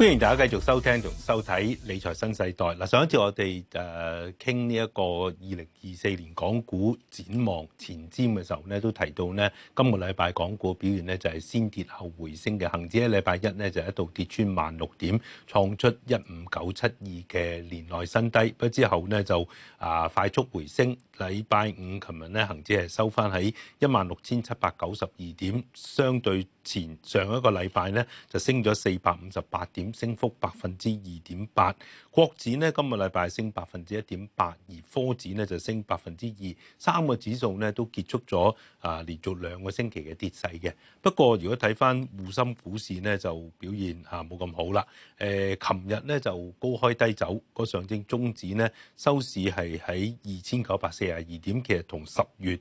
歡迎大家繼續收聽同收睇《理財新世代》。嗱，上一次我哋誒傾呢一個二零二四年港股展望前瞻嘅時候咧，都提到呢今個禮拜港股表現咧就係先跌後回升嘅。恒指喺禮拜一呢就一度跌穿萬六點，創出一五九七二嘅年內新低。不之後呢就啊快速回升。禮拜五、琴日呢，恒指係收翻喺一萬六千七百九十二點，相對前上一個禮拜呢就升咗四百五十八點。升幅百分之二點八，國指呢今個禮拜升百分之一點八，而科指呢就升百分之二，三個指數呢都結束咗啊連續兩個星期嘅跌勢嘅。不過如果睇翻滬深股市呢就表現啊冇咁好啦。誒、呃、琴日呢就高開低走，那個上證綜指呢收市係喺二千九百四十二點，其實同十月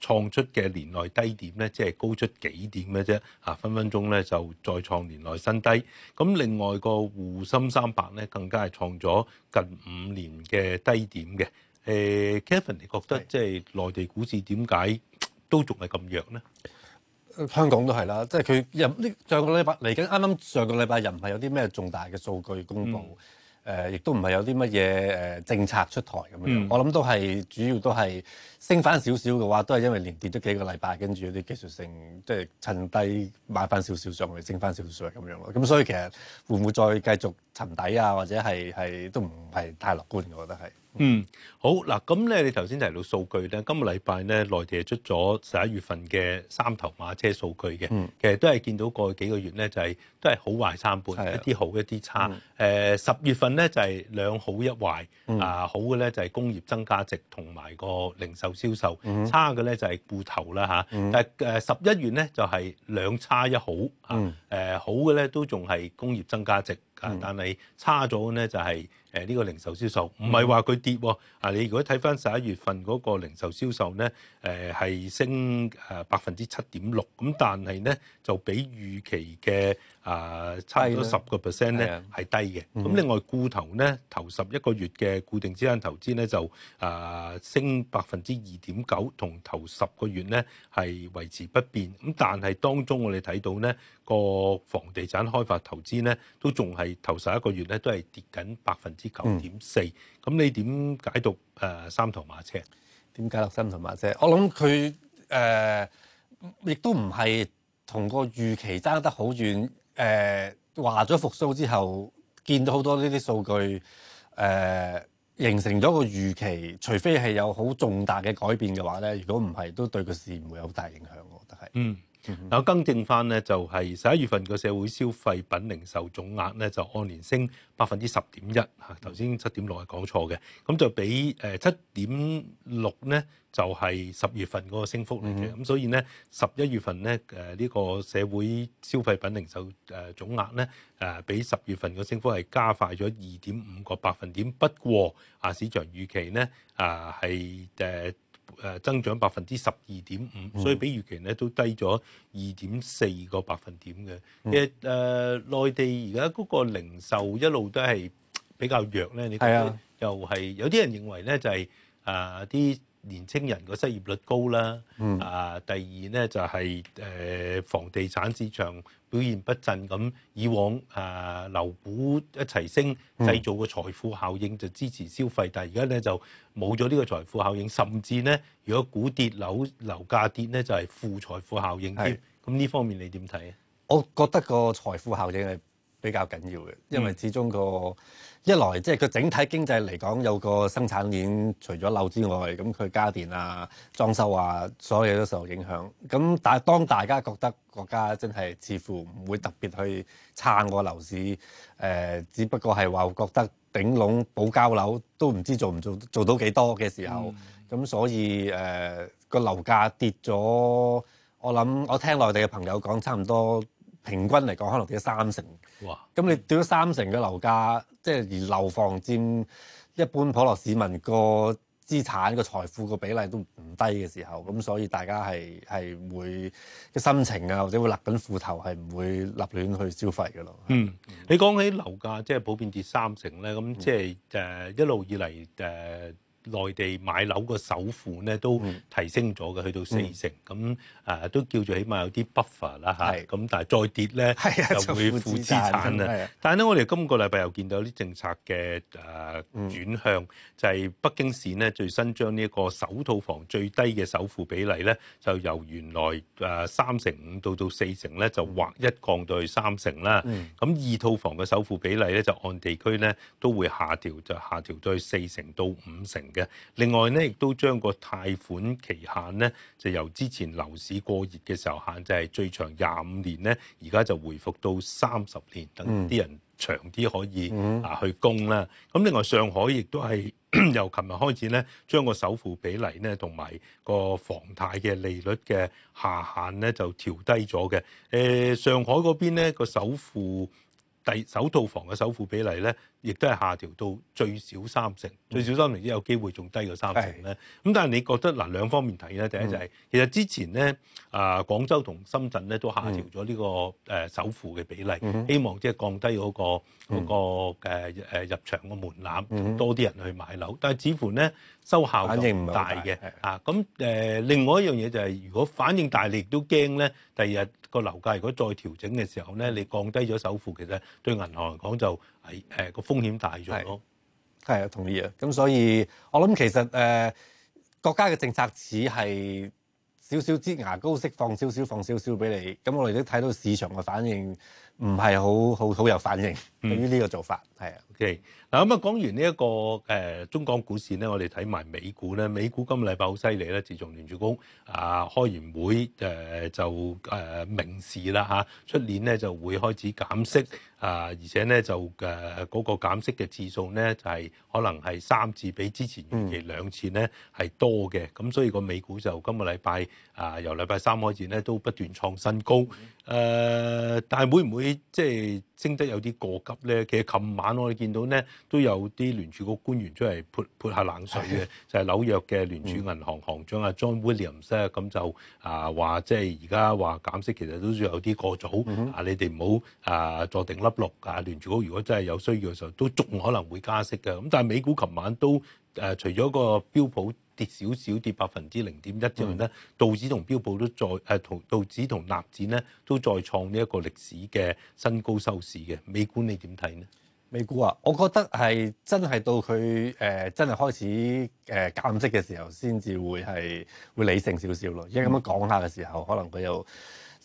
創出嘅年內低點呢即係高出幾點嘅啫，啊分分鐘呢就再創年內新低。咁另外，內個滬深三百咧，更加係創咗近五年嘅低點嘅。誒，Kevin，你覺得即係內地股市點解都仲係咁弱咧？香港都係啦，即係佢上個禮拜嚟緊，啱啱上個禮拜又唔係有啲咩重大嘅數據公佈。誒，亦都唔係有啲乜嘢誒政策出台咁樣，嗯、我諗都係主要都係升翻少少嘅話，都係因為連跌咗幾個禮拜，跟住有啲技術性即係趁低買翻少少，上去，升翻少少咁樣咯。咁所以其實會唔會再繼續沉底啊？或者係係都唔係太樂觀嘅，我覺得係。嗯，好嗱，咁咧，你頭先提到數據咧，今個禮拜咧，內地出咗十一月份嘅三頭馬車數據嘅，嗯、其實都係見到過去幾個月咧，就係都係好壞參半，一啲、嗯呃、好一啲差。誒、嗯，十月份咧就係兩好一壞，啊，好嘅咧就係工業增加值同埋個零售銷售，差嘅咧就係固投啦嚇。啊嗯、但係誒十一月咧就係兩差一好，誒、嗯啊、好嘅咧都仲係工業增加值。但係差咗嘅咧就係誒呢個零售銷售，唔係話佢跌喎。啊，你如果睇翻十一月份嗰個零售銷售咧，誒、呃、係升誒百分之七點六，咁但係咧就比預期嘅，呃、啊，差唔多十個 percent 咧，係低嘅。咁另外固投咧，頭十一個月嘅固定資產投資咧就啊、呃、升百分之二點九，同頭十個月咧係維持不變。咁但係當中我哋睇到咧，個房地產開發投資咧都仲係頭十一個月咧都係跌緊百分之九點四。咁、嗯、你點解讀誒、呃、三頭馬車？點解讀三頭馬車？我諗佢誒亦都唔係同個預期爭得好遠。誒話咗復甦之後，見到好多呢啲數據，誒、呃、形成咗個預期，除非係有好重大嘅改變嘅話咧，如果唔係，都對個市唔會有大影響，我覺得係。嗯。嗱，更正翻咧就係十一月份個社會消費品零售總額咧就按年升百分之十點一嚇，頭先七點六係講錯嘅，咁就比誒七點六咧就係、是、十月份個升幅嚟嘅。咁所以咧十一月份咧誒呢個社會消費品零售誒總額咧誒比十月份個升幅係加快咗二點五個百分點，不過啊市場預期咧啊係誒。誒增長百分之十二點五，所以比預期咧都低咗二點四個百分點嘅。其實、呃、內地而家嗰個零售一路都係比較弱咧。你睇下、嗯、又係有啲人認為咧就係誒啲。呃年青人個失業率高啦，啊、嗯，第二咧就係誒房地產市場表現不振，咁以往啊樓股一齊升，製造個財富效應就支持消費，嗯、但係而家咧就冇咗呢個財富效應，甚至咧如果股跌樓樓價跌咧就係負財富效應添，咁呢是方面你點睇啊？我覺得個財富效應係比較緊要嘅，因為始終個一來即係個整體經濟嚟講有個生產鏈，除咗樓之外，咁佢家電啊、裝修啊，所有嘢都受影響。咁但係當大家覺得國家真係似乎唔會特別去撐個樓市，誒、呃，只不過係話覺得頂籠補交樓都唔知做唔做做到幾多嘅時候，咁、嗯嗯、所以誒、呃、個樓價跌咗，我諗我聽內地嘅朋友講差唔多。平均嚟講，可能跌咗三成。哇！咁你跌咗三成嘅樓價，即係而樓房佔一般普羅市民個資產個財富個比例都唔低嘅時候，咁所以大家係係會嘅心情啊，或者會勒緊褲頭，係唔會立亂去消費嘅咯。嗯，你講起樓價即係普遍跌三成咧，咁即係誒一路以嚟誒。Uh, 內地買樓個首付咧都提升咗嘅，去到四成，咁、嗯嗯、啊都叫做起碼有啲 buffer 啦嚇是。咁、啊、但係再跌咧，就、啊、會負資產啊！產啊但係咧，我哋今個禮拜又見到啲政策嘅誒、啊、轉向，嗯、就係北京市呢，最新將呢一個首套房最低嘅首付比例咧，就由原來誒三成五到到四成咧，就劃一降到去三成啦。咁二、嗯、套房嘅首付比例咧，就按地區咧都會下調，就下調到去四成到五成。嘅，另外咧亦都將個貸款期限咧，就由之前樓市過熱嘅時候限制係最長廿五年咧，而家就回復到三十年，等啲人長啲可以啊去供啦。咁、嗯嗯、另外上海亦都係由琴日開始咧，將個首付比例咧同埋個房貸嘅利率嘅下限咧就調低咗嘅。誒，上海嗰邊咧、個首付。第首套房嘅首付比例咧，亦都係下調到最少三成，嗯、最少三成，都有機會仲低過三成咧。咁的但係你覺得嗱，兩方面睇咧，第一就係、是嗯、其實之前咧，啊、呃、廣州同深圳咧都下調咗呢個誒首付嘅比例，嗯、希望即係降低嗰、那個嗰、嗯那個、啊、入場嘅門檻，多啲人去買樓。但係似乎咧收效就唔大嘅。大啊，咁、呃、誒另外一樣嘢就係、是，如果反應大，你亦都驚咧，第二日個樓價如果再調整嘅時候咧，你降低咗首付，其實,其實對銀行嚟講就係誒個風險大咗，係啊同意啊，咁所以我諗其實誒、呃、國家嘅政策只係少少擠牙膏式放少少放少少俾你，咁我哋都睇到市場嘅反應。唔係好好好有反應，對於呢個做法係啊，OK 嗱，咁啊講完呢、這、一個誒、呃、中港股市咧，我哋睇埋美股咧，美股今個禮拜好犀利咧，自從聯儲局啊開完會誒、呃、就誒、呃、明示啦吓，出年咧就會開始減息啊，而且咧就誒嗰、呃那個減息嘅次數咧就係、是、可能係三次，比之前預期兩次咧係、嗯、多嘅，咁所以個美股就今個禮拜啊由禮拜三開始咧都不斷創新高誒、呃，但係會唔會。你即係升得有啲過急咧，其實琴晚我哋見到咧都有啲聯儲局官員出嚟潑潑下冷水嘅，的就係紐約嘅聯儲銀行行長阿 John Williams 咁就、嗯、啊話即係而家話減息其實都仲有啲過早，嗯、啊你哋唔好啊坐定粒六，啊聯儲局如果真係有需要嘅時候都仲可能會加息嘅，咁但係美股琴晚都誒、啊、除咗個標普。跌少少，跌百分之零點一之後咧，道指同標普都再誒同道指同納指咧都再創呢一個歷史嘅新高收市嘅，美股你點睇呢？美股啊，我覺得係真係到佢誒、呃、真係開始誒減息嘅時候，先至會係會理性少少咯。因為咁樣講下嘅時候，可能佢又，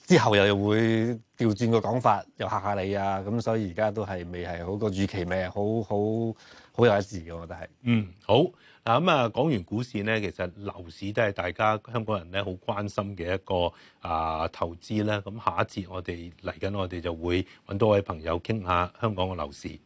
之後又又會調轉個講法，又嚇下你啊！咁所以而家都係未係好過預期，咩、嗯、好好好有得賠嘅，但係嗯好嗱咁啊，講完股市咧，其實樓市都係大家香港人咧好關心嘅一個啊投資咧。咁下一節我哋嚟緊，我哋就會搵多位朋友傾下香港嘅樓市。